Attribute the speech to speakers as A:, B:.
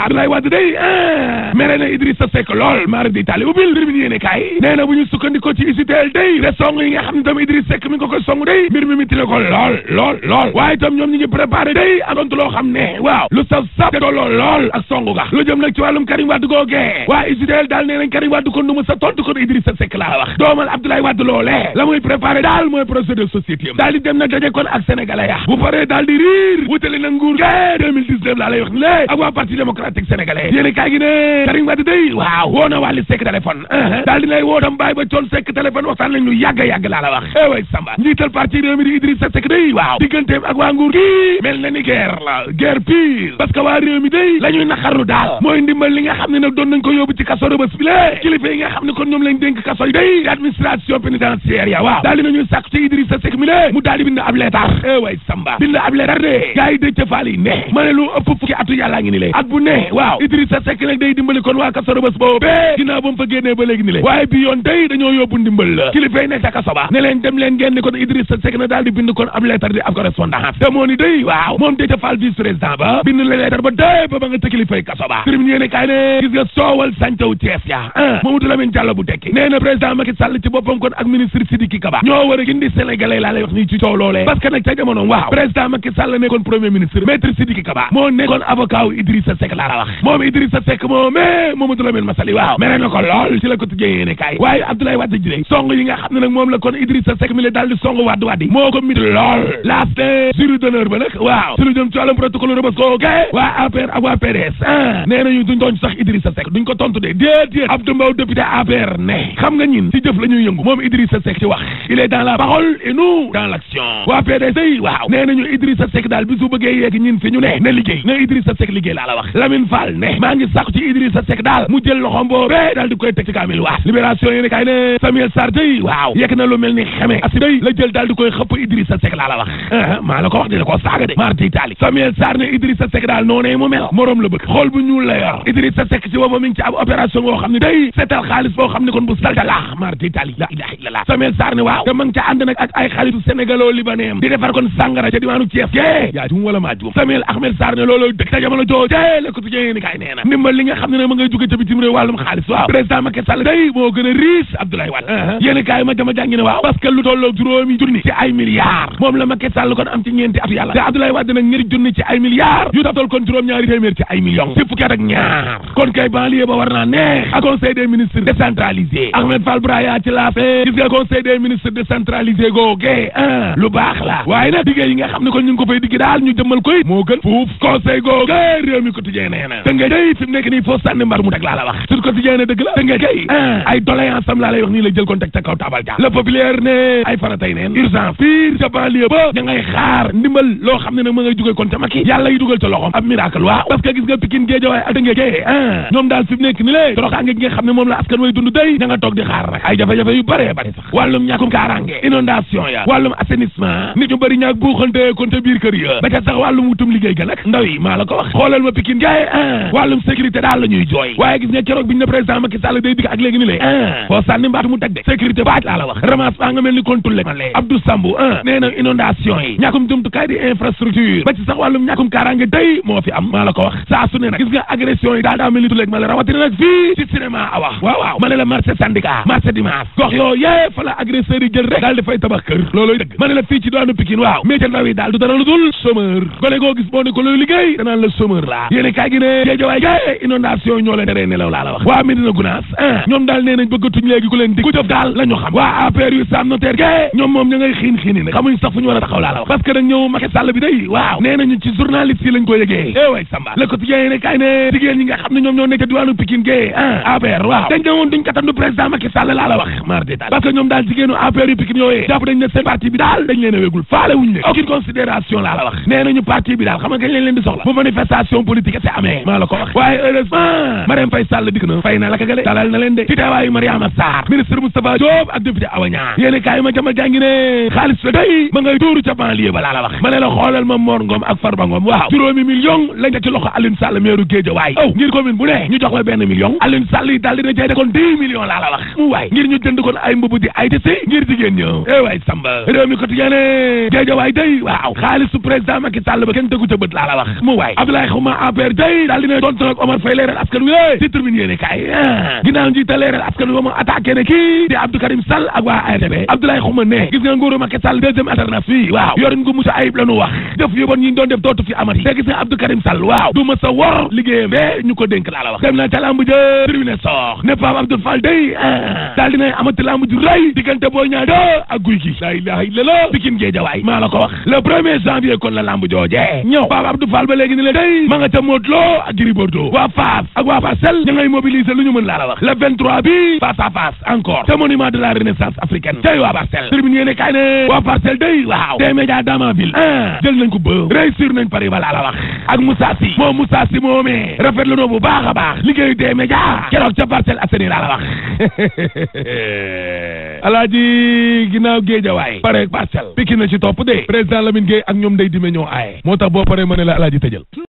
A: Abdoulaye Wade day eh, mere na Idrissa Seck lool maari di tali ubbil mbir mi yéene kaay nee bu ñu sukkandikoo ci usiteel day re song yi nga xam ne tam Idrissa Seck mi ngi ko koy song day mbir mi mi tile ko lool lool lool waaye itam ñoom ñi ngi préparé day loo xam ne waaw lu saf saf te dooloo lool ak song ga lu jëm nag ci wàllum Karim Wade googee waa usiteel daal ko nu mu sa tontu ko Idrissa Seck laa wax la muy préparé daal mooy projet de société di dem nag daje ak sénégalais ya bu paree daal di riir wutali politique sénégalais yéen kaay gi ne Karim Wade woo na Wally uh-huh. ba coon Seck téléphone waxtaan lañ yàgg yàgg laa la wax eh way Samba njiital parti réew mi di Idrissa Seck day waaw digganteem ak waa nguur gi mel na ni guerre la guerre pire waa réew mi day la ñuy naqaru daal mooy ndimbal li nga xam ne nag doon nañ ko yóbbu ci kaso Rebeuss bi la kilifa yi nga xam ne kon ñoom lañ dénk kaso day la di bind ab leetar eh way Samba bind ab leetar de gars yi dëj ca le waaw Idrissa Seck nag day dimbali waa kaso Rebeuss boobu ginnaaw ba mu fa génnee ba léegi ni le waaye bi yoon tey dañoo yóbbu ndimbal la kilifay nekk ca kaso ne kon ab lettre di ab correspondance ne ah, kon ak ministre Sidiki Kaba ñoo a gindi waaw laa wax moom Idrissa moom mais eh, Mamadou Lamine Massaly waaw mere na lool ci la quotidien yéene kaay waaye Abdoulaye Wade ji de song yi nga xam ne nag moom la kon Idrissa Seck mi la daal di song Wade Wade moo ko mit lool last jury d'honneur ba nag waaw su lu jëm ci wàllum protocole rëbës ko ok waa APR ak waa eh. ne xam nga ñin ci jëf la ñuy yëngu moom Idrissa Seck ci wax il est dans la parole et nous dans l'action waa PDS waaw nee nañu Idrissa Seck daal bi su bëggee yeeg ñin na liggéey na Alioune Fall ne maa ngi sàkku ci Idrissa Seck daal mu jël loxom boobee daal di koy teg ci kaamil waa libération yéen kay ne Samuel Sarr day waaw yekk di maa la ko wax dina ko saaga de Samuel Sarr ne ne day seetal xaalis boo xam ne kon bu Quotidien yéen kaay nee na ndimbal li nga xam ne ne ma ngay jóge ca bitim réew wàllum xaalis waaw président Macky Sall day moo gën a riche Abdoulaye Wade uh-huh. yéen kaay ma dama jàngi ne waaw parce que lu tolloog juróomi junni ci ay milliards moom la Macky Sall kon am ci ñeenti at yàlla te Abdoulaye Wade nag ñetti junni ci ay milliards yu taftal kon juróom ñaari téeméer ci ay millions ci fukki at ak ñaar kon kay banlieue ba war naa neex ak conseil des ministres nee na da ngay day fi mu nekk nii foo sànni mbar mu dag laa la wax sur quotidien ne dëgg la da ngay kay ah. ay doléance am laa lay wax nii la jël kon teg ca kaw taabal ja le populaire ne ay faratay neen urgence fiir ca banlieue ba ña ngay xaar ndimbal loo xam ne nag ma ngay dugal kon ca Macky yàlla yi dugal ca loxom ab miracle waaw parce que gis nga Pikine Guédiawaye ak Dëngéej kay ah. ñoom daal fi mu nekk ni lée toroxaange gi nga xam ne moom la askan way dund day ña nga toog di xaar rek ay jafe-jafe yu bare bari sax wàllum ñàkkum kaarange inondation ya wàllum assainissement nit ñu bëri ñaak buuxante kon ca biir kër ya ba ca sax wàllum wutum liggéey ga nag ndaw yi maa la ko wax xoolal ma Pikine gaay a ah. wàllum sécurité daal la ñuy jooy waaye gis nga keroog bi ñu ne président a a a gone goo gis moo ne liggéey danaan la chômeur laa yéene kaay gi de géejawaay gaay inondation ñoo leen tere nelaw laa la wax waa Medina Gounass ah ñoom daal nee nañ bëggatuñ léegi ku leen di ku jëf daal la ñu xam waa APR yu Sam Notaire gaay ñoom moom ña ngay xiin xiin yi nag xamuñ sax fu ñu war a taxaw laa la wax parce que nag ñëw Macky Sall bi day waaw nee nañu ci journaliste yi lañ ko yëgee eh way Samba le quotidien ne kay ne jigéen ñi nga xam ne ñoom ñoo nekk diwaanu Pikine gaay ah APR waaw dañ ne woon duñ katandu président Macky Sall laa la wax mar de parce que ñoom daal jigéenu APR yu Pikine yooyee jàpp dañ ne seen parti bi daal dañ leen a wégul faale wuñ leen aucune considération laa la wax nee nañu parti bi daal xam nga kañ leen leen di soxla bu manifestation politique c'est amee ne maa la ko wax waaye heureusement Marème Faye Sall dikk na fay na lakagale dalal na leen de ci a Mariama Sarr ministre Moustapha Diop ak député Awa Niang yéeni kaay ma jama jàngi ne xaalis la day ma ngay tuuru ca banlieue ba laa la wax ma ne la xoolal ma Mor Ngom ak Farba Ngom waaw juróomi million lañ ci loxo Alioune Sall meeru Guédiawaye aw ngir commune bu ne ñu jox la benn million Alioune Sall yi daal dina cay dekoon dix wax mu waay ngir ñu jënd ay mbubu di ay day daal dina tontu nag Omar Faye leeral askan wi lé eh, di tribune yéene kaay eh, ginnaaw njiital leeral askan wi ma attaqué ne kii di Abdou Karim Sall ak waa ARTP Abdoulaye Xuma ne gis nga nguuru Macky Sall deuxième alternance fii waaw yorin gu mucc ayib la ñu wax jëf yu bon ñi doon def dootu fi amati te gis nga Abdou Karim Sall waaw du ma wor liggéeyam be eh, ñu ko dénk laa dem na ca lamb ja tribune soox ne Pape Abdou Fall day daal dina amati lamb ju rëy diggante boo maa la ko Sonko ak Gris Bordeaux waa Fass ak waa Parcelles ña ngay lu ñu mën laa la wax le 23 bi face a face encore te monument de la renaissance africaine tey waa Parcelles tribune yéene kaay ne waa Parcelles day waaw tey média Damanville ah jël nañ ko ba réussir nañ pari ba laa la wax ak Moussa Sy moom Moussa Sy moomee rafet la bu baax a baax liggéeyu tey média keroog ca Parcelles Assainies laa la wax alaaji ginnaaw géejawaay pare Parcelles Pikine na ci topp de président Lamine Gueye ak ñoom day dime moo tax boo paree ma ne la alaaji